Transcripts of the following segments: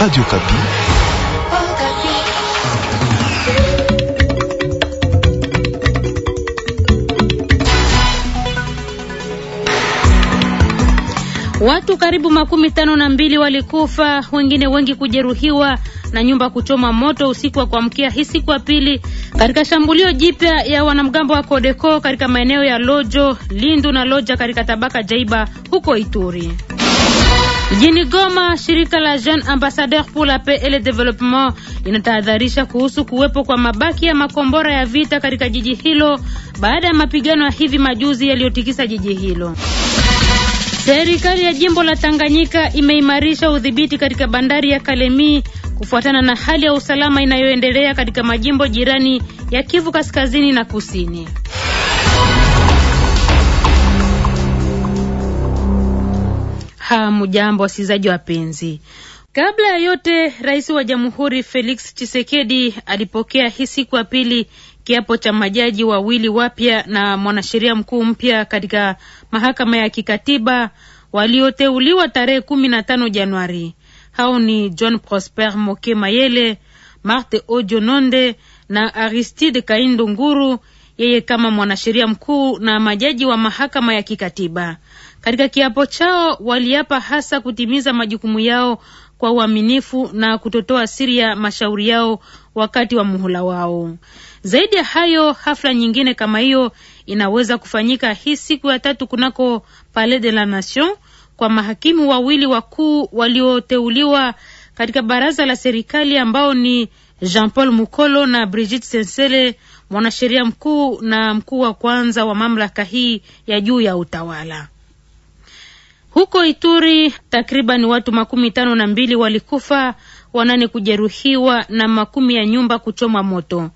Radio Kapi. Watu karibu makumi tano na mbili walikufa, wengine wengi kujeruhiwa na nyumba kuchoma moto usiku wa kuamkia hii siku ya pili katika shambulio jipya ya wanamgambo wa Kodeko katika maeneo ya Lojo, Lindu na Loja katika tabaka Jaiba huko Ituri. Mjini Goma, shirika la Jeune Ambassadeur pour la Paix et le Développement inatahadharisha kuhusu kuwepo kwa mabaki ya makombora ya vita katika jiji hilo baada ya mapigano ya hivi majuzi yaliyotikisa jiji hilo. Serikali ya jimbo la Tanganyika imeimarisha udhibiti katika bandari ya Kalemie kufuatana na hali ya usalama inayoendelea katika majimbo jirani ya Kivu Kaskazini na Kusini. Hamujambo wasikilizaji wapenzi. Kabla ya yote, rais wa jamhuri Felix chisekedi alipokea hii siku ya pili kiapo cha majaji wawili wapya na mwanasheria mkuu mpya katika mahakama ya kikatiba walioteuliwa tarehe kumi na tano Januari. Hao ni John Prosper Moke Mayele, Marte Ojo Nonde na Aristide Kaindo Nguru, yeye kama mwanasheria mkuu na majaji wa mahakama ya kikatiba. Katika kiapo chao waliapa hasa kutimiza majukumu yao kwa uaminifu na kutotoa siri ya mashauri yao wakati wa muhula wao. Zaidi ya hayo, hafla nyingine kama hiyo inaweza kufanyika hii siku ya tatu kunako Palais de la Nation kwa mahakimu wawili wakuu walioteuliwa katika baraza la serikali ambao ni Jean-Paul Mukolo na Brigitte Sensele, mwanasheria mkuu na mkuu wa kwanza wa mamlaka hii ya juu ya utawala. Huko Ituri takriban watu makumi tano na mbili walikufa, wanane kujeruhiwa na makumi ya nyumba kuchoma moto.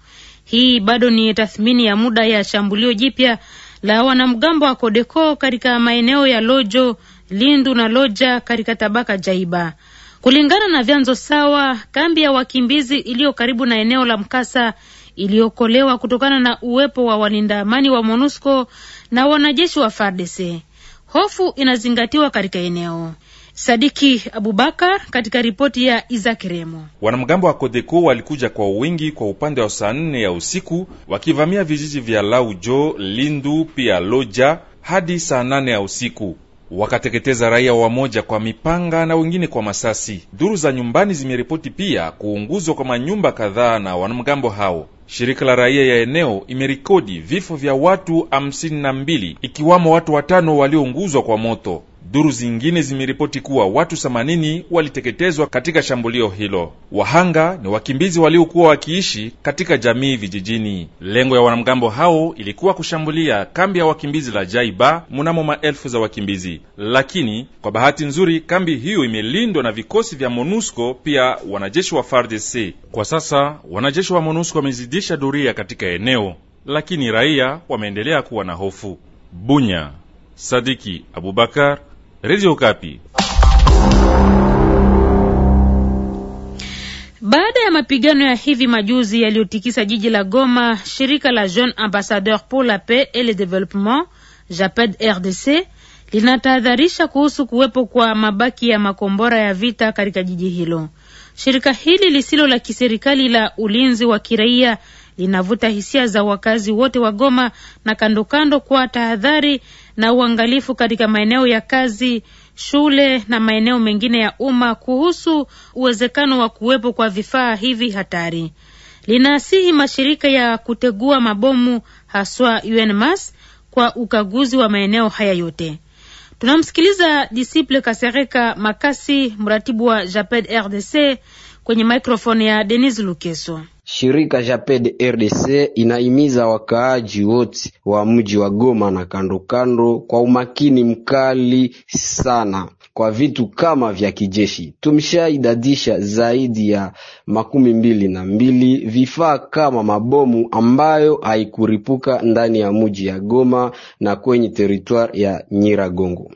Hii bado ni tathmini ya muda ya shambulio jipya la wanamgambo wa Kodeko katika maeneo ya Lojo, Lindu na Loja katika tabaka Jaiba. Kulingana na vyanzo sawa, kambi ya wakimbizi iliyo karibu na eneo la mkasa iliyokolewa kutokana na uwepo wa walinda amani wa MONUSCO na wanajeshi wa FARDC hofu inazingatiwa katika eneo. Sadiki Abubakar katika ripoti ya Isaac Remo. Wanamgambo wa Kodeko walikuja kwa wingi kwa upande wa saa nne ya usiku wakivamia vijiji vya Laujo, Lindu pia Loja hadi saa nane ya usiku wakateketeza raia wamoja kwa mipanga na wengine kwa masasi. Duru za nyumbani zimeripoti pia kuunguzwa kwa manyumba kadhaa na wanamgambo hao. Shirika la raia ya eneo imerikodi vifo vya watu hamsini na mbili ikiwamo watu watano waliounguzwa kwa moto. Duru zingine zimeripoti kuwa watu 80 waliteketezwa katika shambulio hilo. Wahanga ni wakimbizi waliokuwa wakiishi katika jamii vijijini. Lengo ya wanamgambo hao ilikuwa kushambulia kambi ya wakimbizi la Jaiba mnamo maelfu za wakimbizi, lakini kwa bahati nzuri kambi hiyo imelindwa na vikosi vya MONUSCO pia wanajeshi wa FARDC. Kwa sasa wanajeshi wa MONUSCO wamezidisha duria katika eneo, lakini raia wameendelea kuwa na hofu. Bunya, Sadiki Abubakar, Radio Kapi. Baada ya mapigano ya hivi majuzi yaliyotikisa jiji la Goma, shirika la Jeune Ambassadeur pour la Paix et le Développement, JAPED RDC, linatahadharisha kuhusu kuwepo kwa mabaki ya makombora ya vita katika jiji hilo. Shirika hili lisilo la kiserikali la ulinzi wa kiraia linavuta hisia za wakazi wote wa Goma na kandokando kwa tahadhari na uangalifu katika maeneo ya kazi, shule na maeneo mengine ya umma kuhusu uwezekano wa kuwepo kwa vifaa hivi hatari. linaasihi mashirika ya kutegua mabomu haswa UNMAS kwa ukaguzi wa maeneo haya yote. Tunamsikiliza Disiple Kasereka Makasi, mratibu wa JAPED RDC kwenye maikrofoni ya Denis Lukeso. Shirika Japed RDC inahimiza wakaaji wote wa mji wa Goma na kando kando kwa umakini mkali sana kwa vitu kama vya kijeshi. Tumshaidadisha zaidi ya makumi mbili na mbili vifaa kama mabomu ambayo haikuripuka ndani ya mji ya Goma na kwenye teritwari ya Nyiragongo.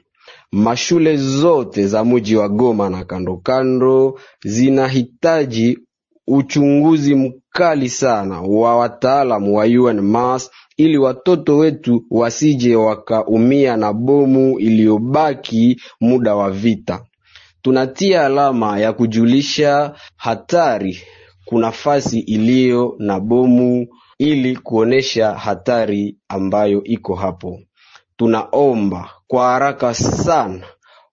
Mashule zote za mji wa Goma na kando kando zinahitaji uchunguzi mkali sana wa wataalamu wa UNMAS ili watoto wetu wasije wakaumia na bomu iliyobaki muda wa vita. Tunatia alama ya kujulisha hatari kuna fasi iliyo na bomu ili kuonesha hatari ambayo iko hapo. Tunaomba kwa haraka sana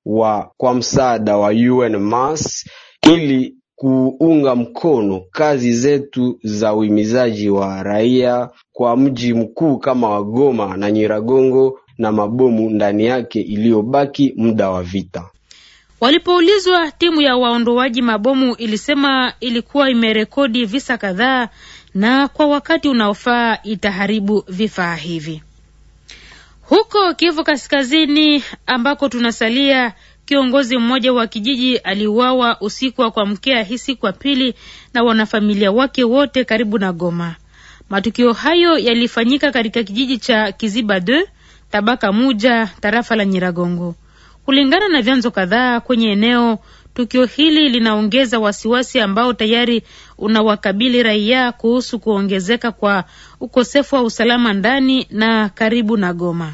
wa kwa msaada wa UNMass ili kuunga mkono kazi zetu za uhimizaji wa raia kwa mji mkuu kama wa Goma na Nyiragongo na mabomu ndani yake iliyobaki muda wa vita. Walipoulizwa, timu ya waondoaji mabomu ilisema ilikuwa imerekodi visa kadhaa na kwa wakati unaofaa itaharibu vifaa hivi. Huko Kivu Kaskazini ambako tunasalia, kiongozi mmoja wa kijiji aliuawa usiku wa kuamkea hii siku ya pili na wanafamilia wake wote karibu na Goma. Matukio hayo yalifanyika katika kijiji cha Kiziba 2 tabaka muja tarafa la Nyiragongo. Kulingana na vyanzo kadhaa kwenye eneo, tukio hili linaongeza wasiwasi ambao tayari unawakabili raia kuhusu kuongezeka kwa ukosefu wa usalama ndani na karibu na Goma.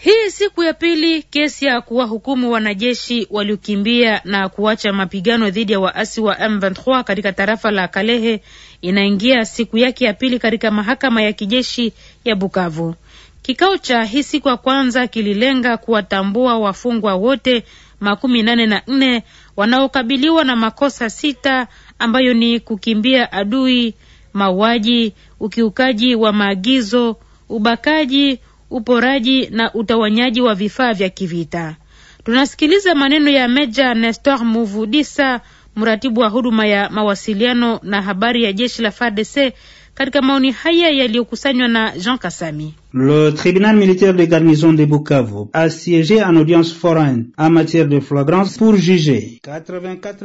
Hii siku ya pili kesi ya kuwahukumu wanajeshi waliokimbia na kuacha mapigano dhidi ya waasi wa M23 katika tarafa la Kalehe inaingia siku yake ya pili katika mahakama ya kijeshi ya Bukavu. Kikao cha hii siku ya kwanza kililenga kuwatambua wafungwa wote makumi nane na nne wanaokabiliwa na makosa sita ambayo ni kukimbia adui, mauaji, ukiukaji wa maagizo, ubakaji uporaji na utawanyaji wa vifaa vya kivita. Tunasikiliza maneno ya Meja Nestor Muvudisa, mratibu wa huduma ya mawasiliano na habari ya jeshi la FARDC katika maoni haya yaliyokusanywa na Jean Kasami. Le tribunal militaire de garnison de Bukavu a siégé en audience foraine en matière de flagrance pour juger.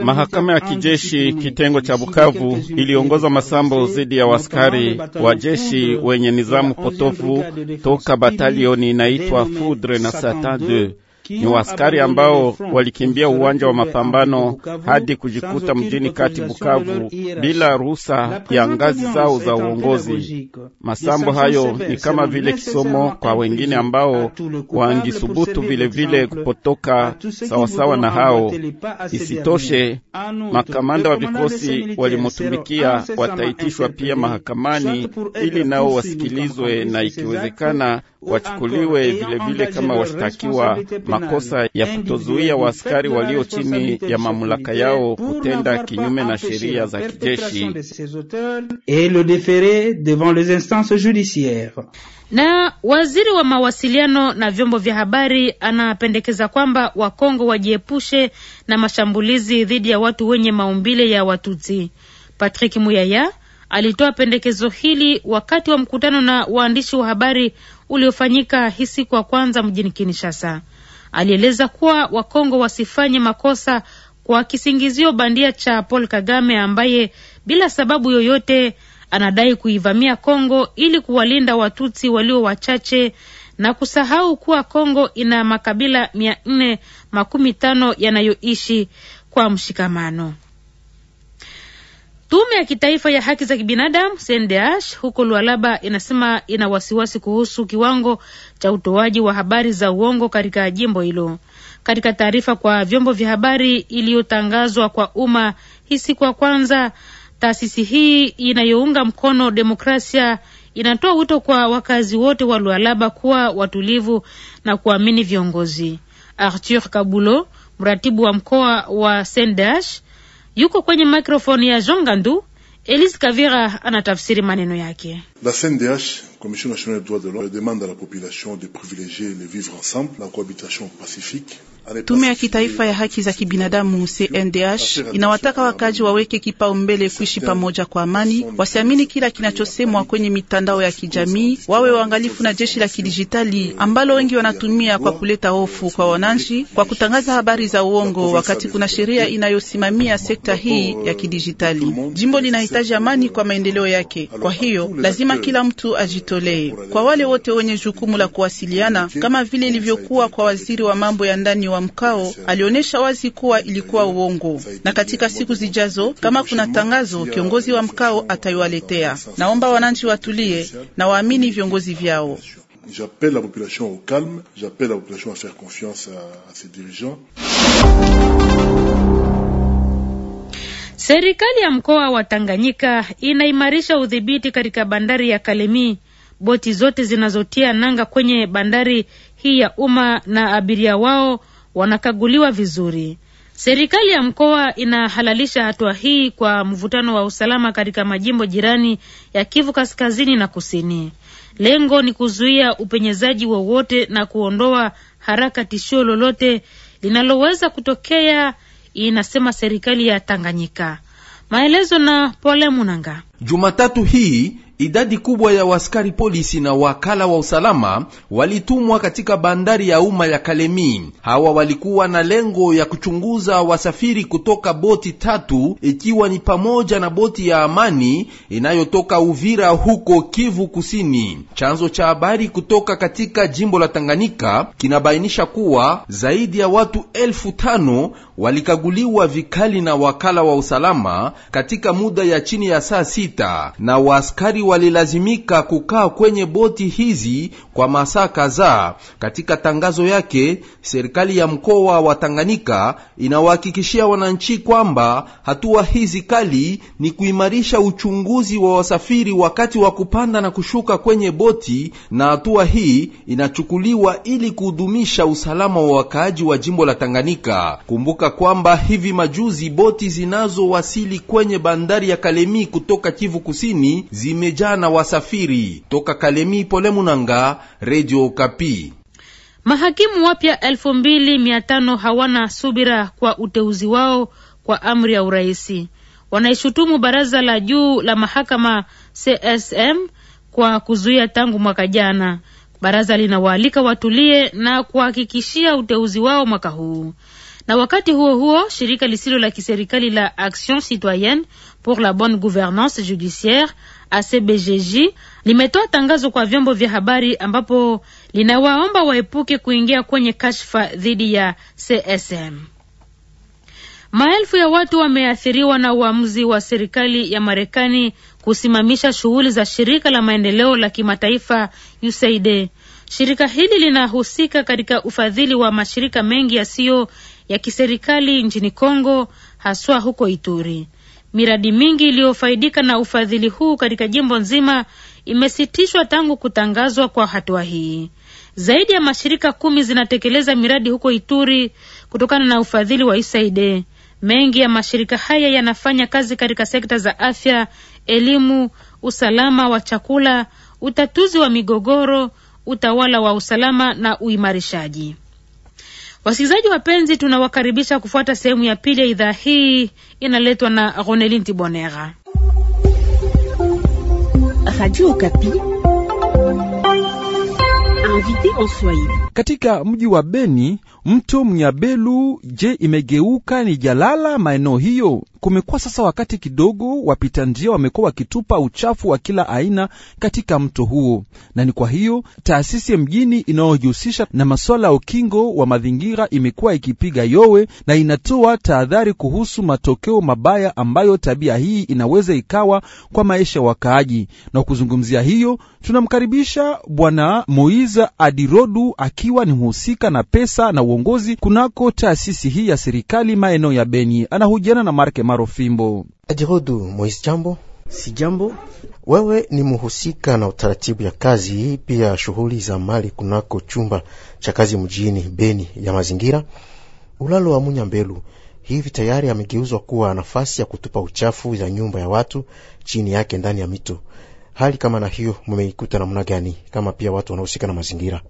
Mahakama ya kijeshi kitengo cha Bukavu iliongoza masambo dhidi ya waskari wa jeshi wenye nizamu potofu toka batalioni inaitwa Foudre na Satan 2 ni waaskari ambao walikimbia uwanja wa mapambano hadi kujikuta mjini kati Bukavu bila ruhusa ya ngazi zao za uongozi. Masambo hayo ni kama vile kisomo kwa wengine ambao wangisubutu vilevile kupotoka sawasawa na hao. Isitoshe, makamanda wa vikosi walimutumikia wataitishwa pia mahakamani ili nao wasikilizwe na ikiwezekana wachukuliwe vilevile kama washtakiwa makosa ya kutozuia waaskari walio chini ya mamlaka yao kutenda kinyume na sheria za kijeshi Na waziri wa mawasiliano na vyombo vya habari anapendekeza kwamba Wakongo wajiepushe na mashambulizi dhidi ya watu wenye maumbile ya Watutsi. Patrick Muyaya alitoa pendekezo hili wakati wa mkutano na waandishi wa habari uliofanyika hii siku ya kwanza mjini Kinshasa. Alieleza kuwa Wakongo wasifanye makosa kwa kisingizio bandia cha Paul Kagame ambaye bila sababu yoyote anadai kuivamia Kongo ili kuwalinda Watutsi walio wachache na kusahau kuwa Kongo ina makabila mia nne makumi tano yanayoishi kwa mshikamano. Tume ya kitaifa ya haki za kibinadamu CNDH huko Lualaba inasema ina wasiwasi kuhusu kiwango cha utoaji wa habari za uongo katika jimbo hilo. Katika taarifa kwa vyombo vya habari iliyotangazwa kwa umma hii siku ya kwanza, taasisi hii inayounga mkono demokrasia inatoa wito kwa wakazi wote wa Lualaba kuwa watulivu na kuamini viongozi. Arthur Kabulo, mratibu wa mkoa wa CNDH yuko kwenye mikrofoni ya Jean Gandu. Elise Kavira anatafsiri maneno yake. La CNDH Commission nationale des droits de l'homme demande à la population de privilégier le vivre ensemble, la cohabitation pacifique Tume ya kitaifa ya haki za kibinadamu CNDH inawataka wakaji waweke kipaumbele kuishi pamoja kwa amani, wasiamini kila kinachosemwa kwenye mitandao ya kijamii, wawe waangalifu na jeshi la kidijitali ambalo wengi wanatumia kwa kuleta hofu kwa wananchi, kwa kutangaza habari za uongo, wakati kuna sheria inayosimamia sekta hii ya kidijitali. Jimbo linahitaji amani kwa maendeleo yake, kwa hiyo lazima kila mtu ajitoe hawajitolei. Kwa wale wote wenye jukumu la kuwasiliana, kama vile ilivyokuwa kwa waziri wa mambo ya ndani wa mkao, alionyesha wazi kuwa ilikuwa uongo, na katika siku zijazo, kama kuna tangazo, kiongozi wa mkao ataiwaletea. Naomba wananchi watulie na waamini viongozi vyao. J'appelle la population au calme, j'appelle la population à faire confiance à, à ses dirigeants. Serikali ya mkoa wa Tanganyika inaimarisha udhibiti katika bandari ya Kalemie boti zote zinazotia nanga kwenye bandari hii ya umma na abiria wao wanakaguliwa vizuri. Serikali ya mkoa inahalalisha hatua hii kwa mvutano wa usalama katika majimbo jirani ya Kivu kaskazini na kusini. Lengo ni kuzuia upenyezaji wowote na kuondoa haraka tishio lolote linaloweza kutokea, inasema serikali ya Tanganyika. Maelezo na Pole Munanga. Jumatatu hii Idadi kubwa ya waskari polisi na wakala wa usalama walitumwa katika bandari ya umma ya Kalemi. Hawa walikuwa na lengo ya kuchunguza wasafiri kutoka boti tatu, ikiwa ni pamoja na boti ya Amani inayotoka Uvira huko Kivu Kusini. Chanzo cha habari kutoka katika jimbo la Tanganyika kinabainisha kuwa zaidi ya watu elfu tano walikaguliwa vikali na wakala wa usalama katika muda ya chini ya saa sita na waskari wa walilazimika kukaa kwenye boti hizi kwa masaa kadhaa. Katika tangazo yake, serikali ya mkoa wa Tanganyika inawahakikishia wananchi kwamba hatua hizi kali ni kuimarisha uchunguzi wa wasafiri wakati wa kupanda na kushuka kwenye boti, na hatua hii inachukuliwa ili kuhudumisha usalama wa wakaaji wa jimbo la Tanganyika. Kumbuka kwamba hivi majuzi boti zinazowasili kwenye bandari ya Kalemi kutoka Kivu Kusini zimeja vijana wasafiri toka Kalemi Pole Munanga, Radio Kapi. Mahakimu wapya elfu mbili mia tano hawana subira kwa uteuzi wao kwa amri ya uraisi. Wanaishutumu baraza la juu la mahakama CSM kwa kuzuia tangu mwaka jana. Baraza linawaalika watulie na kuhakikishia uteuzi wao mwaka huu. Na wakati huo huo, shirika lisilo la kiserikali la Action Citoyenne pour la Bonne Gouvernance Judiciaire ACBJJ limetoa tangazo kwa vyombo vya habari ambapo linawaomba waepuke kuingia kwenye kashfa dhidi ya CSM. Maelfu ya watu wameathiriwa na uamuzi wa serikali ya Marekani kusimamisha shughuli za shirika la maendeleo la kimataifa USAID. Shirika hili linahusika katika ufadhili wa mashirika mengi yasiyo ya kiserikali nchini Kongo, haswa huko Ituri. Miradi mingi iliyofaidika na ufadhili huu katika jimbo nzima imesitishwa tangu kutangazwa kwa hatua hii. Zaidi ya mashirika kumi zinatekeleza miradi huko Ituri kutokana na ufadhili wa USAID. Mengi ya mashirika haya yanafanya kazi katika sekta za afya, elimu, usalama wa chakula, utatuzi wa migogoro, utawala wa usalama na uimarishaji. Wasikilizaji wapenzi, tunawakaribisha kufuata sehemu ya pili ya idhaa hii, inaletwa na Ronelin Tibonera, Katika mji wa Beni, mto Mnyabelu je imegeuka ni jalala maeneo hiyo kumekuwa sasa wakati kidogo wapita njia wamekuwa wakitupa uchafu wa kila aina katika mto huo, na ni kwa hiyo taasisi ya mjini inayojihusisha na masuala ya ukingo wa mazingira imekuwa ikipiga yowe na inatoa tahadhari kuhusu matokeo mabaya ambayo tabia hii inaweza ikawa kwa maisha ya wakaaji. Na kuzungumzia hiyo, tunamkaribisha Bwana Moiza Adirodu akiwa ni mhusika na pesa na uongozi kunako taasisi hii ya serikali maeneo ya Beni. Anahujiana na Marke Marofimbo. Adirodu Moise, jambo. Si jambo. Wewe ni muhusika na utaratibu ya kazi hii pia shughuli za mali kunako chumba cha kazi mjini Beni ya mazingira. Ulalo wa Munyambelu hivi tayari amegeuzwa kuwa nafasi ya kutupa uchafu za nyumba ya watu chini yake ndani ya mito. Hali kama na hiyo mumeikuta namna gani, kama pia watu wanahusika na mazingira?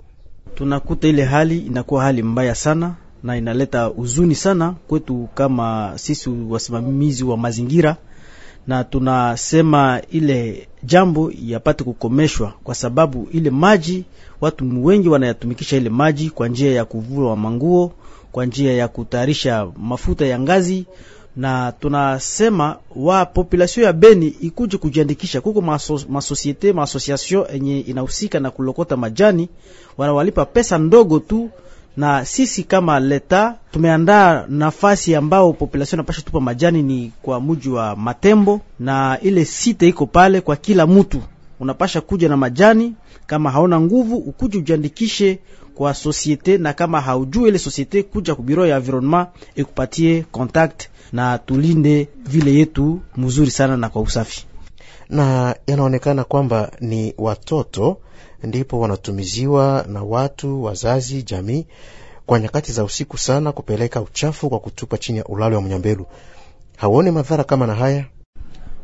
Tunakuta ile hali inakuwa hali mbaya sana na inaleta huzuni sana kwetu kama sisi wasimamizi wa mazingira, na tunasema ile jambo yapate kukomeshwa, kwa sababu ile maji watu wengi wanayatumikisha ile maji kwa njia ya kuvua manguo, kwa njia ya kutayarisha mafuta ya ngazi na tunasema wa population ya Beni ikuje kujiandikisha kuko maso, masosiete enye inahusika na kulokota majani, wanawalipa pesa ndogo tu na sisi kama leta tumeandaa nafasi ambao population napasha tupa majani ni kwa muji wa Matembo, na ile site iko pale kwa kila mutu unapasha kuja na majani. Kama haona nguvu, ukuje ujiandikishe kwa societe, na kama haujui ile societe, kuja kubiro ya environnement ikupatie contact, na tulinde vile yetu mzuri sana na kwa usafi na yanaonekana kwamba ni watoto ndipo wanatumiziwa na watu wazazi, jamii kwa nyakati za usiku sana kupeleka uchafu kwa kutupa chini ya ulalo wa mnyambelu. Hauone madhara kama na haya?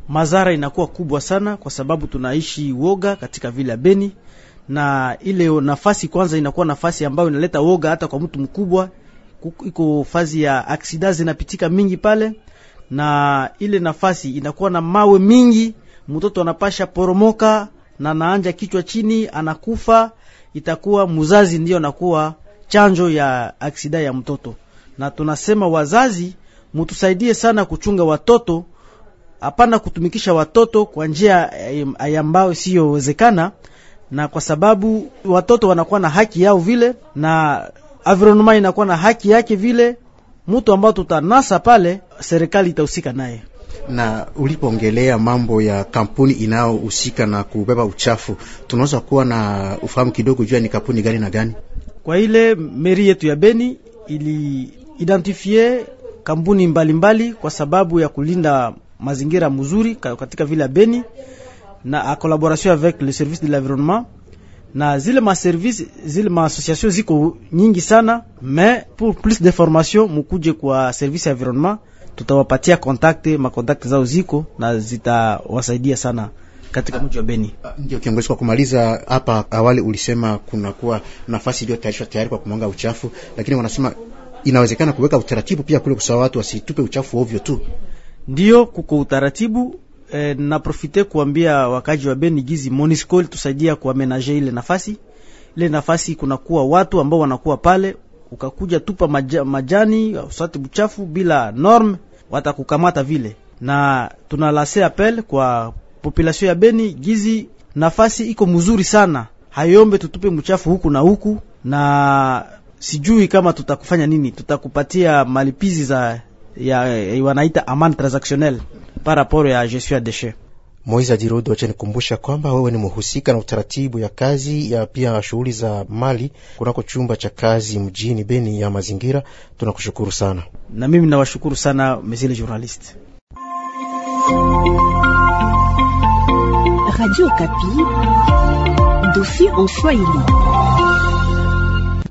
Madhara inakuwa kubwa sana, kwa sababu tunaishi woga katika vila Beni, na ile nafasi kwanza inakuwa nafasi ambayo inaleta woga hata kwa mtu mkubwa. Iko fazi ya aksida zinapitika mingi pale, na ile nafasi inakuwa na mawe mingi mtoto anapasha poromoka na naanja kichwa chini, anakufa, itakuwa mzazi ndiyo anakuwa chanjo ya aksida ya mtoto. Na tunasema wazazi mutusaidie sana kuchunga watoto, hapana kutumikisha watoto kwa njia ambayo isiyowezekana, na kwa sababu watoto wanakuwa na haki yao vile na environment inakuwa na haki yake vile. Mtu ambao tutanasa pale, serikali itahusika naye na ulipoongelea mambo ya kampuni inayohusika na kubeba uchafu, tunaweza kuwa na ufahamu kidogo juu ni kampuni gani na gani? Kwa ile meri yetu ya Beni iliidentifie kampuni mbalimbali mbali kwa sababu ya kulinda mazingira mzuri katika vile ya Beni na a collaboration avec le service de l'environnement na zile ma service zile ma association ziko nyingi sana, mais pour plus d'information mukuje kwa service environnement tutawapatia kontakte, makontakte zao ziko na zitawasaidia sana katika mji wa Beni. Ah, ndio kiongozi, kwa kumaliza hapa, awali ulisema kunakuwa nafasi iliyotayarishwa tayari kwa kumwanga uchafu, lakini wanasema inawezekana kuweka utaratibu pia kule kusawa watu wasitupe uchafu ovyo tu. Ndio kuko utaratibu e, na profite kuambia wakaji wa Beni gizi Monisco tusaidia kuamenaje ile nafasi. Ile nafasi kunakuwa watu ambao wanakuwa pale, ukakuja tupa maja, majani usati uchafu bila norm watakukamata vile, na tunalase apel kwa population ya Beni gizi nafasi iko mzuri sana, hayombe tutupe mchafu huku na huku, na sijui kama tutakufanya nini, tutakupatia malipizi za ya, ya wanaita amani transactionnel par rapport ya gestion ya déchets. Moise Ajirodo achanikumbusha kwamba wewe ni mhusika na utaratibu ya kazi ya pia shughuli za mali kunako chumba cha kazi mjini Beni ya mazingira. Tunakushukuru sana. Na mimi nawashukuru sana mesile journalist Radio Kapi dofi en Swahili.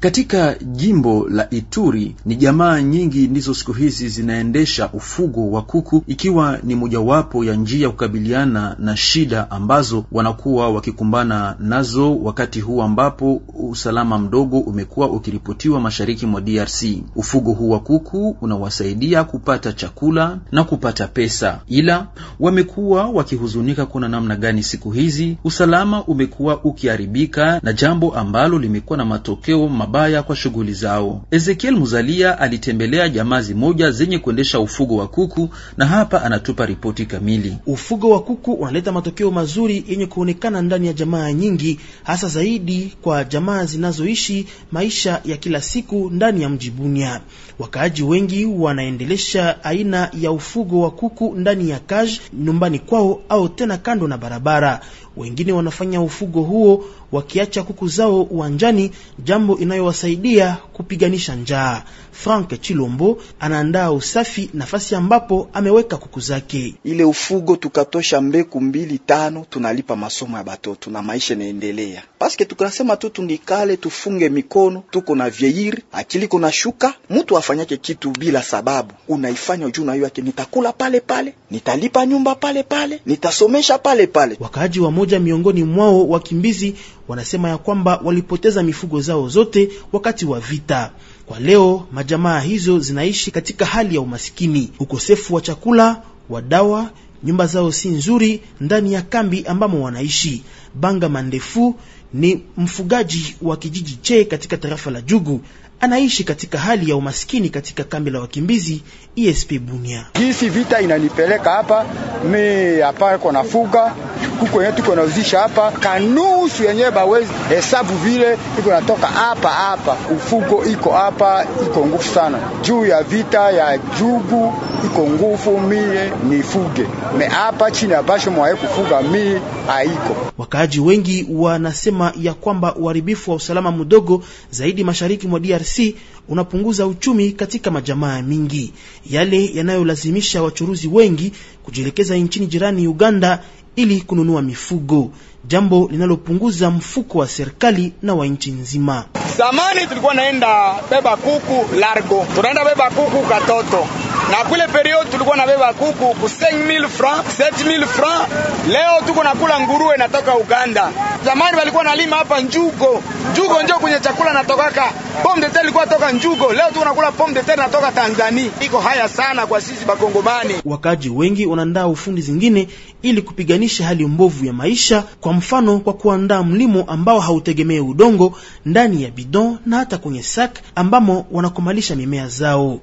Katika jimbo la Ituri ni jamaa nyingi ndizo siku hizi zinaendesha ufugo wa kuku, ikiwa ni mojawapo ya njia ya kukabiliana na shida ambazo wanakuwa wakikumbana nazo wakati huu ambapo usalama mdogo umekuwa ukiripotiwa mashariki mwa DRC. Ufugo huu wa kuku unawasaidia kupata chakula na kupata pesa, ila wamekuwa wakihuzunika kuna namna gani siku hizi usalama umekuwa ukiharibika, na jambo ambalo limekuwa na matokeo mabaya kwa shughuli zao. Ezekiel Muzalia alitembelea jamaa zimoja zenye kuendesha ufugo wa kuku na hapa anatupa ripoti kamili. Ufugo wa kuku unaleta matokeo mazuri yenye kuonekana ndani ya jamaa nyingi, hasa zaidi kwa jamaa zinazoishi maisha ya kila siku ndani ya mji Bunia. Wakaaji wengi wanaendelesha aina ya ufugo wa kuku ndani ya kaj nyumbani kwao au tena kando na barabara. Wengine wanafanya ufugo huo wakiacha kuku zao uwanjani, jambo inayowasaidia kupiganisha njaa. Frank Chilombo anaandaa usafi nafasi ambapo ameweka kuku zake. Ile ufugo tukatosha mbeku mbili tano, tunalipa masomo ya batoto na maisha inaendelea, paske tukasema tu tundikale, tufunge mikono, tuko na vyeiri akili kuna shuka. Mtu afanyake kitu bila sababu, unaifanya juu nayo yake, nitakula pale pale, nitalipa nyumba pale pale, nitasomesha pale pale. Wakaaji wa moja mmoja miongoni mwao wakimbizi wanasema ya kwamba walipoteza mifugo zao zote wakati wa vita. Kwa leo majamaa hizo zinaishi katika hali ya umasikini, ukosefu wa chakula, wa dawa, nyumba zao si nzuri ndani ya kambi ambamo wanaishi. Banga Mandefu ni mfugaji wa kijiji che katika tarafa la Jugu anaishi katika hali ya umaskini katika kambi la wakimbizi ESP Bunia. Jinsi vita inanipeleka hapa mi hapa kona fuga kuko yetu kona uzisha hapa kanusu yenyewe bawezi hesabu vile iko natoka hapa hapa, ufugo iko hapa, iko ngufu sana juu ya vita ya jugu, iko ngufu mie nifuge me hapa chini basho mwae kufuga mi haiko. Wakaaji wengi wanasema ya kwamba uharibifu wa usalama mdogo zaidi mashariki mwa DRC unapunguza uchumi katika majamaa mingi, yale yanayolazimisha wachuruzi wengi kujielekeza nchini jirani Uganda ili kununua mifugo, jambo linalopunguza mfuko wa serikali na wa nchi nzima. Zamani tulikuwa naenda beba kuku largo, tunaenda beba kuku katoto na kule periode tulikuwa nabeba kuku ku 5000 francs 7000 francs, leo tuko nakula nguruwe natoka Uganda. Zamani walikuwa nalima hapa njugo, njugo ndio kwenye chakula natokaka. Pomme de terre ilikuwa toka njugo, leo tuko nakula pomme de terre natoka Tanzania. Iko haya sana kwa sisi Bakongomani. Wakaji wengi wanaandaa ufundi zingine ili kupiganisha hali mbovu ya maisha, kwa mfano kwa kuandaa mlimo ambao hautegemei udongo ndani ya bidon na hata kwenye sak ambamo wanakomalisha mimea zao.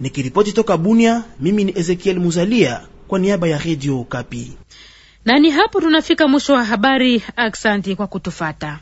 Nikiripoti toka Bunia, mimi ni Ezekiel Muzalia kwa niaba ya Radio Kapi. Na ni hapo tunafika mwisho wa habari. Aksanti kwa kutufata.